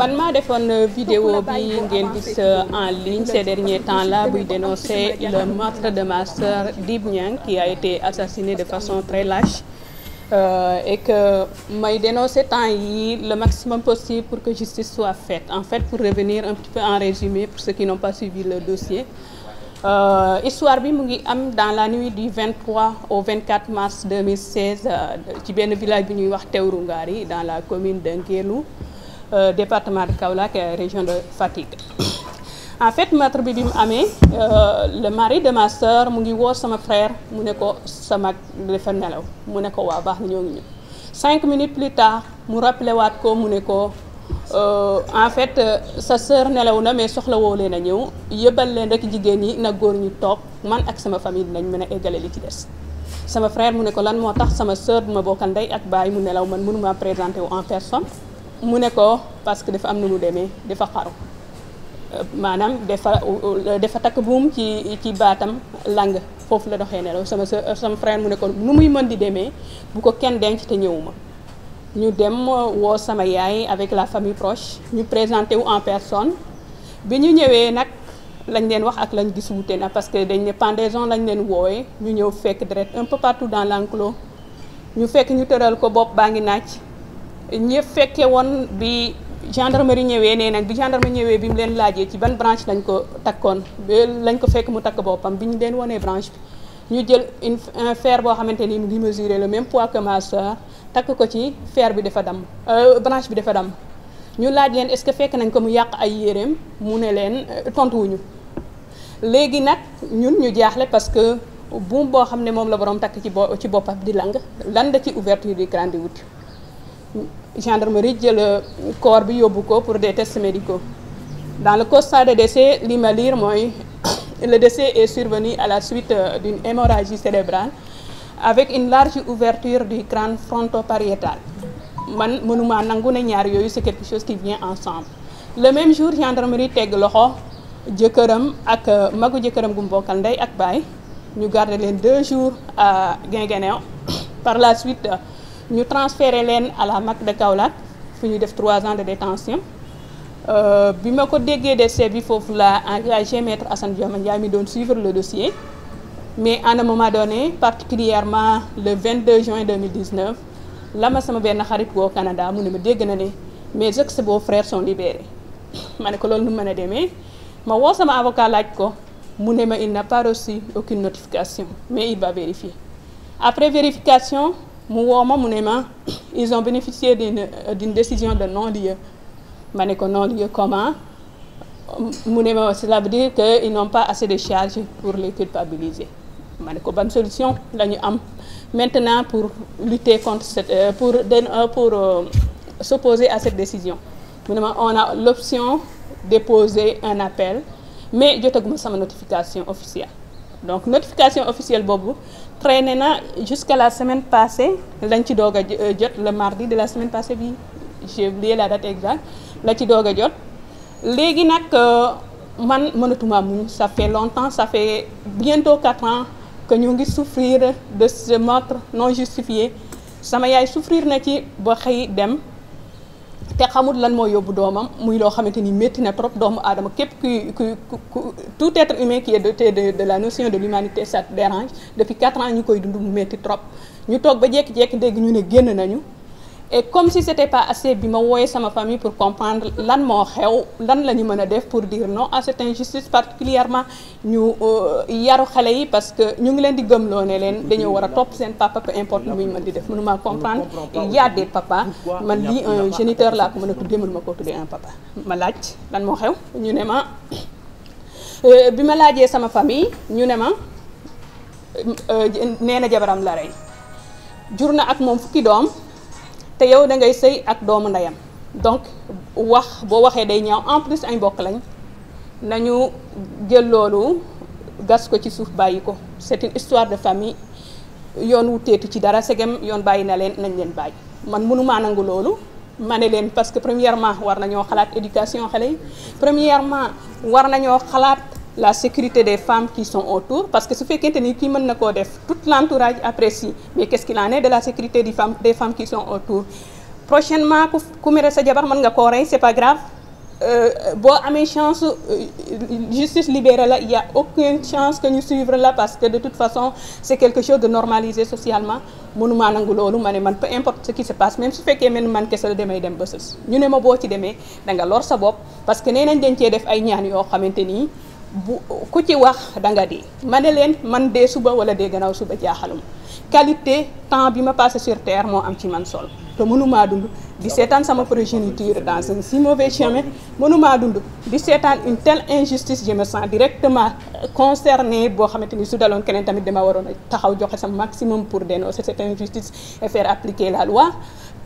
man maa defoon euh, vidéo bi ngeen gis euh, en ligne ces derniers temps là buy dénoncer le meurtre de ma sœur Dib Niang qui a été assassinée de façon très lâche Euh, et que may dénoncer temps yi le maximum possible pour que justice soit faite en fait pour revenir un petit peu en résumé pour ceux qui n'ont pas suivi le dossier euh, histoire bi mu ngi am dans la nuit du 23 au 24 mars 2016 euh, ci benn village bi ñuy wax Tewrungaar yi dans la commune de Ngélu Euh, département de Kaolack région de Fatick. en fait matre bi bi mu amee euh, le mari de ma mu ngi woo sama frère mu ne ko sa mag dafa nelaw mu ne ko waa baax na ñoo ngi ñëw cinq minutes plus tard mu rappelé waat ko mu ne ko euh, en fait sa sœur nelaw na mais soxla woo leen a ñëw yëbal leen rek jigéen ñi nag góor ñu toog man ak sama famille dinañ mën a éggale li ci des sama frère mu ne ko lan moo tax sama sœur bu ma bokkal ndey ak baay mu nelaw man mënuma présenté wu en personne mu ne ko parce que dafa am na mu demee dafa xaru maanaam dafa dafa takk buum ci ci baatam lang foofu la doxee nelaw sama sa sama frère mu ne ko nu muy mën di demee bu ko kenn denc te ñëwuma ñu dem woo sama yaay avec la famille proche ñu présenté wu en personne bi ñu ñëwee nag lañ leen wax ak lañ gis wuute na parce que dañ ne pendaison lañ leen woowee ñu ñëw fekk deret un partout dans l'enclos ñu fekk ñu tëral ko bopp baa ngi naaj ñi fekke woon bi gendarmerie ñëwee nee nag bi gendarmerie ñëwee bi mu leen laajee ci ban branche lañ ko takkoon lañ ko fekk mu takk boppam bi ñu leen wanee branche bi ñu jël une un fer boo xamante ni mu ngi mesurer le même poids que takk ko ci fer bi dafa damm euh, branche bi dafa damm ñu laaj leen est-ce que fekk nañ ko mu yàq ay yéreem mu ne leen euh, tontuwuñu léegi nag ñun ñu jaaxle parce que buum boo xam ne moom la borom takk ci bo ci boppam di lang lan da ci ouverture du crâne di wuti gendarmerie jël euh, corps bi yóbbu ko pour des tests médicaux dans le constat de décès li ma liir mooy le décès est survenu à la suite euh, d'une hémorragie cérébrale avec une large ouverture du crâne fronto-pariétal man mënuma nangu ne ñaar yooyu c'est quelque chose qui vient ensemble le même jour gendarmerie tegg loxo jëkkëram ak euh, magu jëkkëram gu mu bokkal ndey ak baay ñu garder leen deux jours à Guinguinéo par la suite ñu transféré leen à la MAC de Kaolack fu ñu def trois ans de détention euh, bi ma ko déggee décès bi foofu la engagé maître Assane Dioma Ndiaye mi doon suivre le dossier mais à un moment donné particulièrement le 22 juin 2019 la ma sama benn xarit woo Canada mu ne ma dégg na ne mes ex-beaux-frères sont libérés ma ne ko loolu nu mën a demee ma woo sama avocat laaj ko mu ne ma il n'a pas reçu aucune notification mais il va vérifier après vérification mu woo ma mu ne ma ils ont bénéficié d'une décision de non-lieu ma ne ko non-lieu comment mu ne ma cela veut dire que ils n'ont pas assez de charges pour les culpabiliser ma ne ko ban solution la ñu am maintenant pour lutter contre cette euh, pour euh, pour euh, s'opposer à cette décision mu ne ma on a l'option de déposer un appel mais jotaguma sama notification officielle donc notification officielle boobu traîné na jusqu'à la semaine passée lañ ci doog a euh, jot le mardi de la semaine passée bi j'ai oublié la date exacte la ci doog a jot léegi nag euh, man mënatuma muñ ça fait longtemps ça fait bientôt quatre ans que ñoo ngi souffrir de ce meurtre non justifié sama yaay souffrir na ci ba dem te xamul lan moo yóbbu doomam muy loo xamante ni métti na trop doomu aadama képp ku ku ku tout être humain qui est doté de de la notion de l'humanité ça dérange depuis quatre ans ñu koy dund mu métti trop ñu toog ba jékki-jékki dégg ñu ne génn nañu et comme si c'était pas assez bi ma wooyee sama famille pour comprendre lan moo xew lan la ñu mën a def pour dire non à cette injustice particulièrement ñu euh, yaru xale yi parce que ñu ngi leen di gëmloo ne leen dañoo war a topp seen papa peu importe lu muy man di def mënuma comprendre il y a des man lii un géniteur laa ko mën a tuddee mënuma koo tuddee un ma laaj lan moo xew ñu ne ma euh, bi ma laajee sama famille ñu ne ma euh, nee na jabaram la rey jur na ak moom fukki doom te yow da ngay sëy ak doomu ndeyam donc wax boo waxee day ñaaw en plus ay mbokk lañ nañu jël loolu gas ko ci suuf bàyyi ko c'est une histoire de famille yoon wu teetu ci dara segem yoon bàyyi na leen nañ leen bàyyi man mënumaa nangu loolu ma ne leen parce que premièrement war nañoo xalaat éducation xale yi premièrement war nañoo xalaat la sécurité des femmes qui sont autour parce que su fekkente ni kii mën na koo def tout l'entourage apprécie mais qu'est-ce qu'il de la sécurité des femmes des femmes qui sont autour prochainement ku ku mere sa jabar mën nga koo rey c'est pas grave euh, boo amee chance euh, justice libérée la il y a aucune chance que ñu suivre la parce que de toute façon c'est quelque chose de normalisé socialement mënumaa nangu loolu ma ne man peu importe ce qui se passe même su fekkee man man kese dem ba sës ñu ne ma boo ci demee da nga lor sa bopp parce que nañ dañ cee def ay ñaan yoo xamante nii bu ku ci wax da nga di ma ne leen man dee suba wala dee gannaaw suba jaaxalum qualité temps bi ma passé sur moo am ci man sol te mënumaa dund di seetaan sama progéniture dans un si mauvais chemin mënumaa dund di seetaan une telle injustice je me sens directement concerné boo xamante ni su daloon keneen tamit dama waroon a taxaw joxe sama maximum pour dénoncer cette injustice et faire appliquer la loi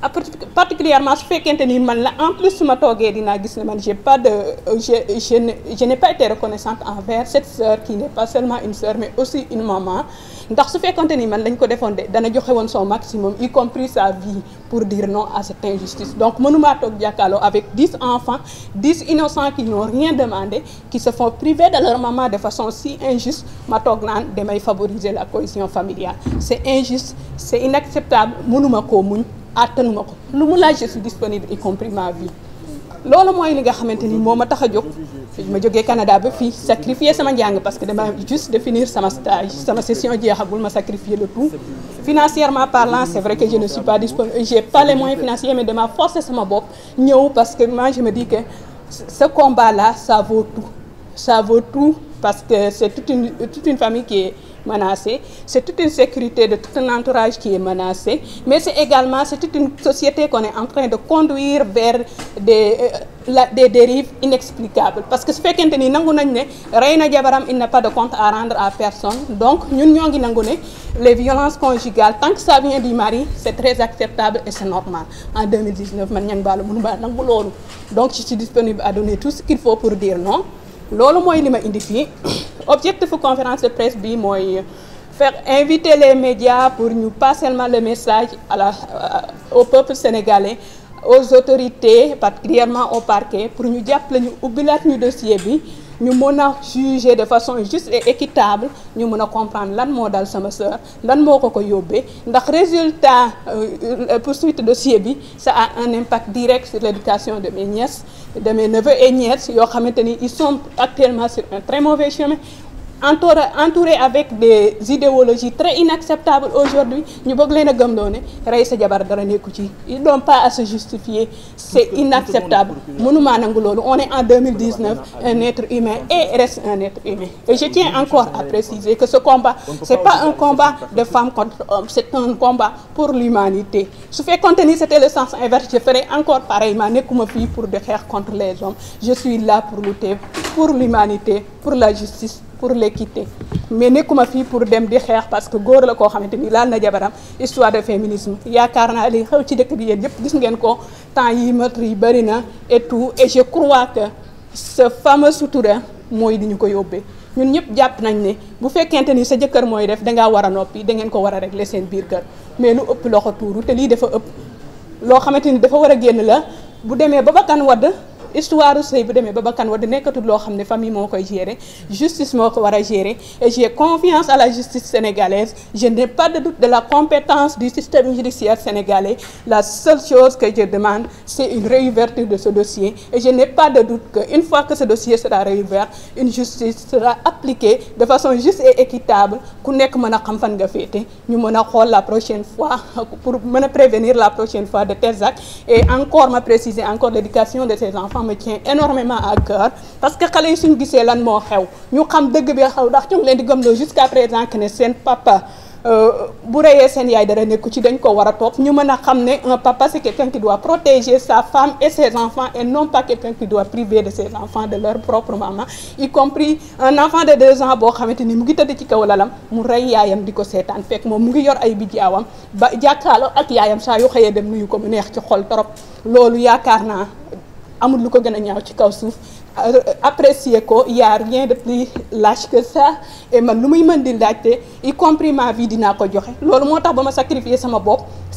après ah, particulièrement su fekkente ni man la en plus su ma toogee dinaa gis ne man j'ai pas de je je ne je n'ai pas été reconnaissante envers cette sœur qui n'est pas seulement une sœur mais aussi une maman ndax su fekkente ni man lañ ko defoon de dana joxe woon son maximum y compris sa vie pour dire non à cette injustice donc mënumaa toog jàkkaarloo avec dix enfants dix innocents qui n'ont rien demandé qui se font priver de leur maman de façon si injuste ma toog naan damay favoriser la cohésion familiale c'est injuste c'est inacceptable mënuma koo ma ko lu mu laaj je suis disponible y compris ma vie loolu mooy li nga xamante ni moo ma tax a jóg ma jógee Canada ba fii sacrifier sama njàng parce que dama juste de sama stage sama session jeexagul ma sacrifier le tout financièrement parlant c'est vrai que je ne suis pas disponible j'ai sama bopp ñëw parce que moi je me dis que ce combat là ça tout ça tout parce que c'est toute une famille qui menacée, c'est toute une sécurité de tout un entourage qui est menacé, mais c'est également c'est toute une société qu'on est en train de conduire vers des euh, la dérives inexplicables parce que su fekkente ni nangu nañ ne rey na jabaram il n'a pas de compte à rendre à personne donc ñun ñoo ngi nangu ne les violences conjugales tant que ça vient du mari c'est très acceptable et c'est normal en 2019 man ñang baalu mënu baa nangu loolu donc je suis disponible à donner tout ma indi fii objectif conférence de presse bi mooy faire inviter les médias pour ñu pas seulement le message à la euh, au peuple sénégalais aux autorités particulièrement au parquet pour ñu jàppale ñu ubbilaat ñu dossier bi ñu mën a juger de façon juste et équitable ñu mën a comprendre lan moo dal sama sœur lan moo ko ko yóbbee ndax résultat euh, euh, poursuite dossier bi ça a un impact direct sur l'éducation de mes nièces de mes neveux et nièces yoo xamante ni ils sont actuellement sur un très mauvais chemin entouré entouré avec des idéologies très inacceptables aujourd'hui ñu bëgg leen a gëmloo sa jabar dara nekku ci ils n'ont pas à se justifier c'est inacceptable mënumaa nangu loolu on est en 2019 un être humain et reste un être humain et je tiens encore à préciser que ce combat c'est pas un combat de femmes contre hommes c'est un combat pour l'humanité su fekkoonte ni c'était le sens inverse je ferai encore pareillement nekkuma fii pour de xeex contre les hommes je suis là pour la justice pour les l'équité mais nekkuma fii pour dem di xeex parce que góor la koo xamante ni laal na jabaram histoire de féminisme yaakaar naa li xew ci dëkk bi yéen yëpp gis ngeen ko temps yi meurtre yi bëri na et tout et je crois que ce fameux sutura mooy di ñu ko yóbbee ñun ñëpp jàpp nañ ne bu fekkente ni sa jëkkër mooy def dangaa war a noppi da ngeen ko war a régler seen biir kër mais lu ëpp loxo tuuru te lii dafa ëpp loo xamante ni dafa war a génn la bu demee ba bakkan wadd histoire sëy bu demee ba bakkan war di nekkatul loo xam ne famille moo koy gérer justice moo ko war a gérer et j'ai confiance à la justice sénégalaise je n'ai pas de doute de la compétence du système judiciaire sénégalais la seule chose que je demande c'est une réouverture de ce dossier et je n'ai pas de doute que une fois que ce dossier sera réouvert une justice sera appliquée de façon juste équitable ku nekk mën a xam fan nga féete ñu mën a xool la prochaine fois pour mën a prévenir la prochaine fois de tels actes ma préciser encore l'éducation de ces me tient énormément à cœur parce que xale yi suñ gisee lan moo xew ñu xam dëgg bi xew ndax jusqu'à présent que ne seen papa euh, bu reyee seen yaay dara nekku ci dañ ko war a topp ñu mën a xam ne un papa c'est quelqu'un qui doit protéger sa femme et ses enfants et non pas quelqu'un qui doit priver de ses enfants de leur propre y compris un enfant de deux ans boo xamante ni mu ngi tëdd ci kaw lalam mu rey yaayam di ko seetaan fekk moom mu ngi yor ay bijaawam ba jàkkaarloo ak yaayam dem ko mu neex ci xol trop amul lu ko gën a ñaaw ci kaw suuf apprécier ko y a rien de plus lâche que ça et man lu muy mën di laajte y compris ma vie dinaa ko joxe loolu moo tax ba ma sacrifier sama bopp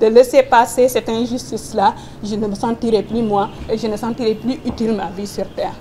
de laisser passer cette injustice-là, je ne me sentirai plus moi et je ne sentirai plus utile ma vie sur Terre.